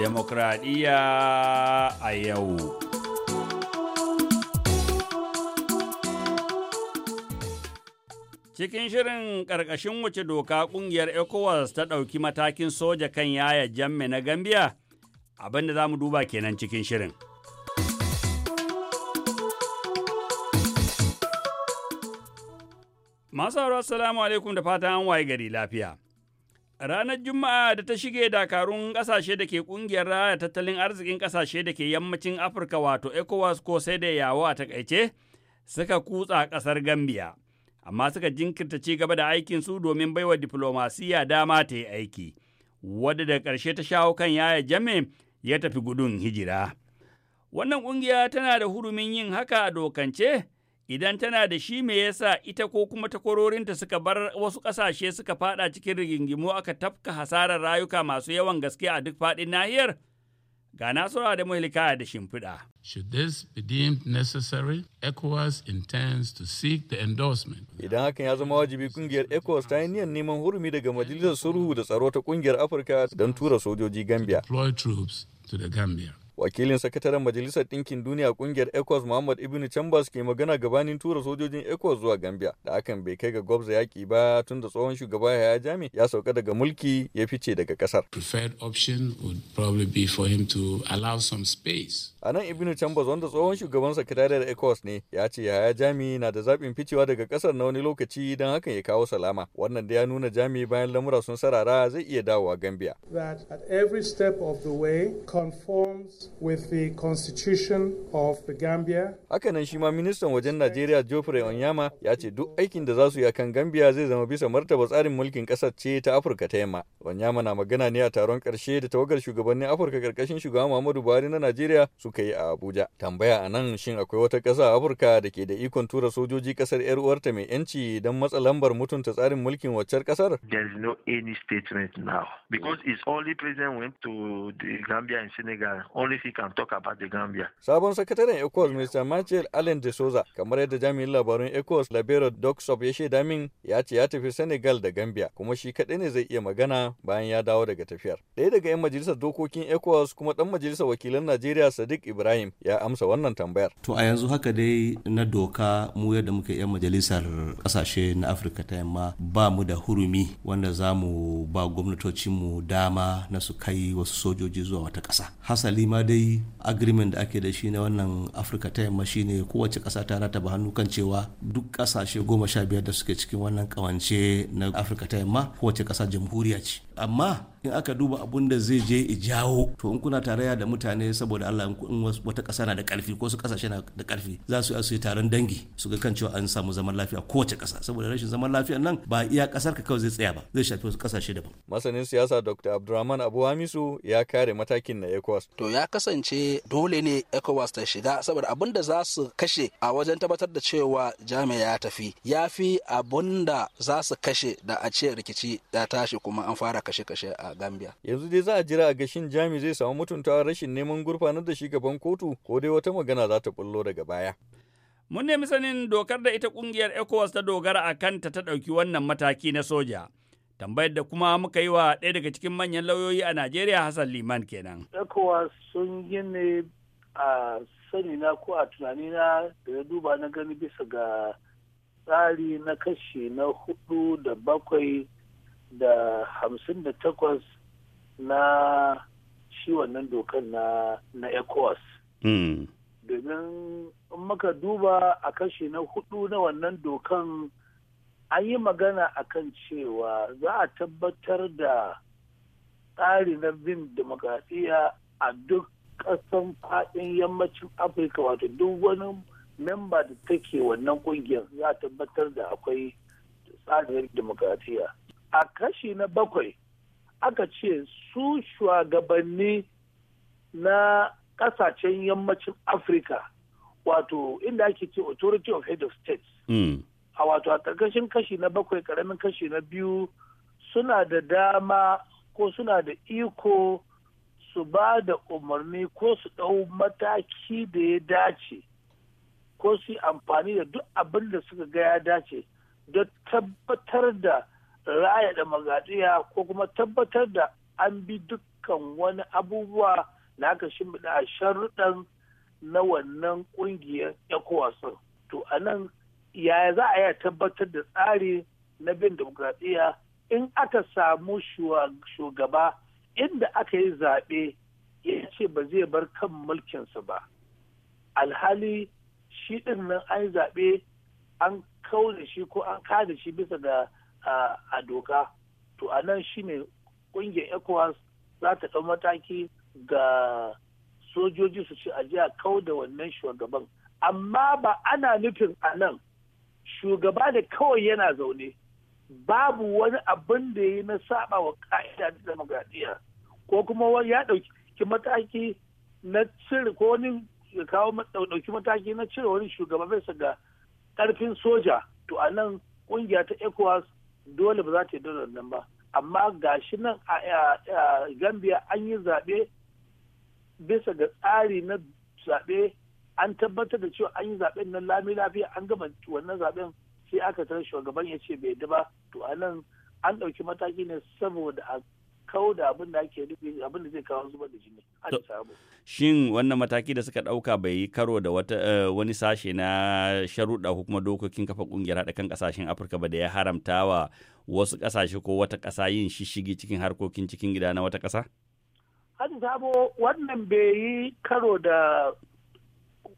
demokradiyya a yau. Cikin shirin ƙarƙashin wuce doka ƙungiyar ECOWAS ta ɗauki matakin soja kan yaya jamme na Gambia, abinda za mu duba kenan cikin shirin. Masu salamu alaikum da fata an waye gari lafiya. Ranar Juma'a da ta shige dakarun ƙasashe da ke ƙungiyar raya tattalin arzikin ƙasashe da ke yammacin Afirka wato ECOWAS ko sai da yawo a takaice suka kutsa ƙasar Gambia, amma suka jinkirta ci gaba da aikin su domin baiwa diplomasiya dama ta yi aiki, wadda da ƙarshe ta shawo kan yaya jame ya tafi gudun hijira. Wannan ƙungiya tana da hurumin yin haka a dokance Idan tana da shi me yasa ita ko kuma takwarorinta suka bar wasu ƙasashe suka fada cikin rigingimu aka tafka hasarar rayuka masu yawan gaske a duk faɗin nahiyar? Ga nasara da da shimfiɗa. Should this be deemed necessary, ECOWAS intends to seek the endorsement. Idan hakan ya zama wajibi kungiyar ECOWAS ta yi niyan neman hurumi daga Majalisar Sulhu da Tsaro ta kungiyar Afirka don tura sojoji Gambia. Deploy troops to the Gambia. wakilin sakataren majalisar ɗinkin duniya kungiyar ecos muhammad ibn chambers ke magana gabanin tura sojojin ecos zuwa gambia da hakan bai kai ga gwabza yaƙi ba tun da tsohon shugaba yahaya jami ya sauka daga mulki ya fice daga ƙasar a nan ibn chambers wanda tsohon shugaban da ecos ne ya ce yahaya jami na da zaɓin ficewa daga ƙasar na wani lokaci don hakan ya kawo salama wannan da ya nuna jami bayan lamura sun sarara zai iya dawowa gambia with nan Hakanan shi ma ministan wajen Najeriya Geoffrey Onyama ya ce duk aikin da za su yi kan Gambia zai zama bisa martaba tsarin mulkin kasar ce ta Afirka ta yamma. Onyama na magana ne a taron karshe da tawagar shugabannin Afirka karkashin shugaban Muhammadu Buhari na Najeriya suka yi a Abuja. Tambaya a nan shin akwai wata ƙasa Afirka da ke da ikon tura sojoji kasar 'yar uwarta mai 'yanci don matsa lambar mutunta tsarin mulkin waccar kasar? There no any statement now because it's only president went to the Gambia and Senegal talk about the Gambia. Sabon sakataren Ecos Mr. Michael Allen de Souza kamar yadda jami'in labarun Ecos Labero Doksop ya shaida damin, ya ce ya tafi Senegal da Gambia kuma shi kaɗai ne zai iya magana bayan ya dawo daga tafiyar. Ɗaya daga 'yan majalisar dokokin Ecos kuma ɗan majalisar wakilan Najeriya Sadiq Ibrahim ya amsa wannan tambayar. To a yanzu haka dai na doka mu yadda muke 'yan majalisar ƙasashe na Afirka ta yamma ba mu da hurumi wanda za mu ba mu dama na su kai wasu sojoji zuwa wata ƙasa. Hasali ma dai agreement da ake da shi na wannan afirka ta yamma shine kowace ƙasa ta ba hannu kan cewa duk kasashe goma sha biyar da suke cikin wannan kawance na afirka ta yamma kowace ƙasa jamhuriya ce amma in aka duba abun da zai je i jawo to in kuna tarayya da mutane saboda Allah in wata ƙasa na da ƙarfi ko su ƙasashe na da ƙarfi za su yi taron dangi su ga kan cewa an samu zaman lafiya kowace ƙasa saboda rashin zaman lafiya nan ba iya ƙasar ka kawai zai tsaya ba zai shafi wasu ƙasashe daban masanin siyasa Dr. Abdulrahman Abu Hamisu ya kare matakin na ECOWAS to ya kasance dole ne ECOWAS ta shiga saboda abun da za su kashe a wajen tabbatar da cewa jami'a ya tafi ya fi abin da za su kashe da a ce rikici ya tashi kuma an fara kashe-kashe a Gambia. Yanzu dai za a jira a gashin Jami zai samu mutuntawa rashin neman gurfanar da shi gaban kotu ko dai wata magana za ta bullo daga baya. Mun nemi sanin dokar da ita kungiyar ECOWAS ta dogara a kanta ta ɗauki wannan mataki na soja. Tambayar da kuma muka yi wa ɗaya daga cikin manyan lauyoyi a Najeriya Hassan Liman kenan. ECOWAS sun yi ne a sani na ko a tunani na da duba na gani bisa ga tsari na kashi na hudu da bakwai da hamsin da takwas na shi wannan dokar na na ecowas hmm. domin in muka duba a kashi na hudu na wannan dokan an yi magana a kan cewa za a tabbatar da tsari na bin demokradiyya a duk ƙasan faɗin yammacin afirka wato duk wani memba da take wannan ƙungiyar za a tabbatar da akwai tsarin demokradiyya a kashi na bakwai aka ce su shugabanni na kasashen yammacin afirka wato inda ake ce authority of head of states hmm. a wato a ƙarƙashin kashi na bakwai ƙaramin kashi na biyu suna da dama ko suna da iko su ba da umarni ko su ɗau mataki da ya dace ko su yi amfani da duk abinda suka ga ya dace don tabbatar da raya magadiya ko kuma tabbatar da an bi dukkan wani abubuwa na aka shimfiɗa a sharuɗan na wannan ƙungiyar ECOWAS. To a nan yaya za a iya tabbatar da tsari na bin demokradiyya in aka samu shugaba inda aka yi zaɓe ya ce ba zai bar kan mulkinsa ba. Alhali shi ɗin nan an yi zaɓe an kauda shi ko an kada shi bisa ga a doka to a nan shi ne kungiyar ecowas za ta ɗau mataki ga sojoji su ci ajiya kau da wannan shugaban amma ba ana nufin a nan shugaba da kawai yana zaune babu wani abin da ya yi na saba wa ka'ida da demokradiyya ko kuma wani ya ɗauki mataki na cire ko wani ya kawo ɗauki mataki na cire wani shugaba bisa ga ƙarfin soja to a nan ƙungiya ta ecowas dole ba za ta yi da nan ba amma ga shi nan a gambia an yi zaɓe bisa ga tsari na zaɓe an tabbatar da cewa an yi zaɓen nan lami lafiya an gama wannan zaɓen sai aka tarar shugaban ya ce bai ba to a an ɗauki mataki ne saboda a kau da abin da ake nufi abin da zai kawo zubar da jini an samu shin wannan mataki da suka dauka bai yi karo da wata eh, wani sashe na sharuɗa ko kuma dokokin kafa kungiyar haɗa kan kasashen Afirka ba da ya haramta wa wasu kasashe ko wata ƙasa yin shishigi cikin harkokin cikin gida na wata ƙasa Hadi sabo wannan bai yi karo da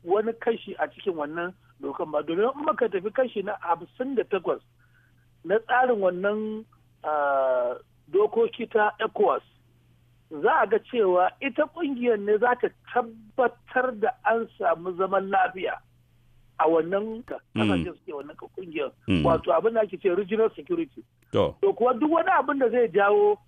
wani kashi a cikin wannan dokan ba domin in ka tafi kashi na hamsin da takwas na tsarin wannan ah, dokoki ta ECOWAS za a ga cewa ita ƙungiyar ne za ta tabbatar da an samu zaman lafiya a wannan hmm. kasashe wannan ƙungiyar hmm. wato abin da ake ce regional security. To kuwa duk wani abin da zai jawo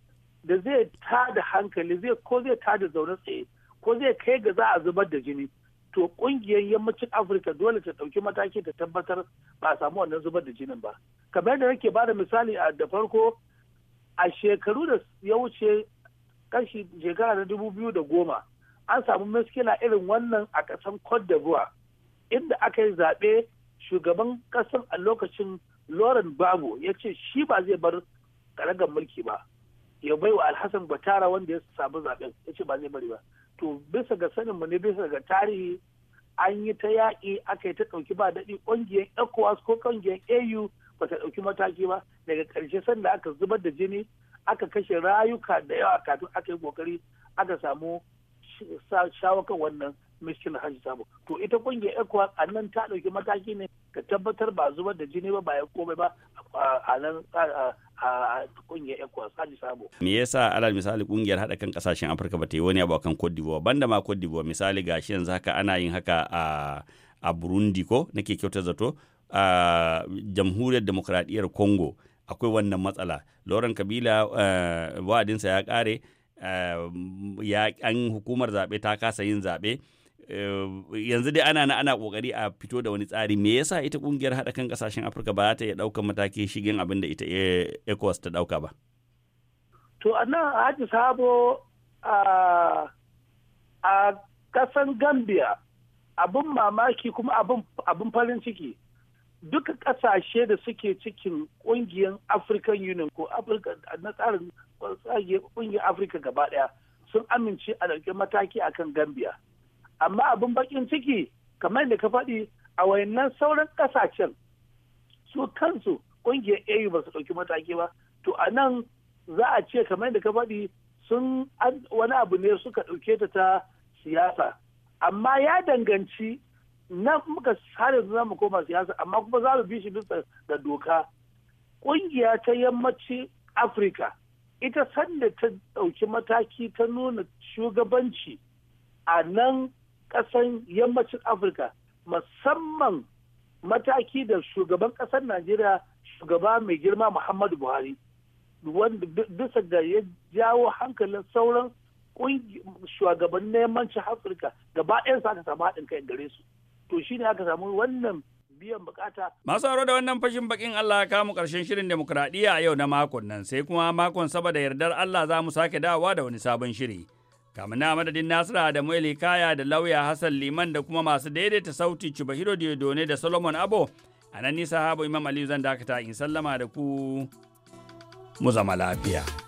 da zai ta da hankali zai ko zai ta da zaune tsaye ko zai kai ga za a zubar da jini. to kungiyar yammacin afirka dole ta ɗauki mataki ta tabbatar ba a samu wannan zubar da jinin ba kamar yadda nake bada misali a da farko a shekaru da ya wuce kashi shekara na dubu biyu da goma an samu maskila irin wannan a kasan Cote d'Ivoire inda aka yi zaɓe shugaban ƙasar a lokacin Lauren babu ya ce shi ba zai bar karagar mulki ba ya bai wa Alhassan Batara wanda ya samu zaɓen ya ce ba zai bari ba to bisa ga saninmu ne bisa ga tarihi an yi ta yaƙi aka yi ta ɗauki ba daɗi ƙungiyar ECOWAS ko ƙungiyar AU ba ta ɗauki mataki ba daga karshe sanda aka zubar da jini aka kashe rayuka da yawa kafin aka yi kokari aka samu shawakan wannan miskin hajji samu to ita kungiyar ecowas a nan ta ɗauki mataki ne ka tabbatar ba zubar da jini ba ba ya komai ba a nan a kungiyar ecowas hajji samu me yasa alal misali kungiyar haɗa kan kasashen afirka ba ta yi wani abu akan cote d'ivoire banda ma cote d'ivoire misali shi yanzu haka ana yin haka a a burundi ko nake kyautar zato a jamhuriyar demokradiyyar congo akwai wannan matsala lauren kabila eh, wa'adinsa ya kare eh, ya an hukumar zaɓe ta kasa yin zaɓe eh, yanzu dai ana ana kokari a fito da wani tsari me yasa ita ƙungiyar haɗa kan ƙasashen afirka ba ta iya ɗaukar mataki shigen abin da ita ecowas ta ɗauka ba to a nan haji sabo a ƙasar gambia abin mamaki kuma abin farin ciki duka ƙasashe da suke cikin ƙungiyar African Union ko na tsarin ƙungiyar Afirka gaba ɗaya sun amince a ɗauki mataki akan Gambia. Amma abin bakin ciki kamar da ka faɗi a wayannan sauran ƙasashen su kansu ƙungiyar AU ba su ɗauki mataki ba. To a nan za a ce kamar da ka faɗi sun wani abu ne suka ɗauke ta ta siyasa. Amma ya danganci nan muka ka sare su koma siyasa amma kuma za mu bi shi bisa da doka ƙungiya ta yammacin afirka ita sanda ta ɗauki mataki ta nuna shugabanci a nan ƙasan yammacin afirka musamman mataki da shugaban ƙasar najeriya shugaba mai girma muhammadu buhari wanda bisa ga ya jawo hankalin sauran shugabannin yammacin afirka gaba ɗayan sa ta samu haɗin kai gare su to shi ne aka samu wannan biyan bukata. Masu da wannan fashin bakin Allah ya mu karshen shirin demokuraɗiyya a yau na makon nan sai kuma makon saba da yardar Allah za mu sake dawowa da wani sabon shiri. Kamin na madadin Nasira da Mueli Kaya da lauya Hassan Liman da kuma masu daidaita sauti Cibahiro Diodone da Solomon Abo a nan nisa habu Imam Aliyu zan dakata in sallama da ku mu zama lafiya.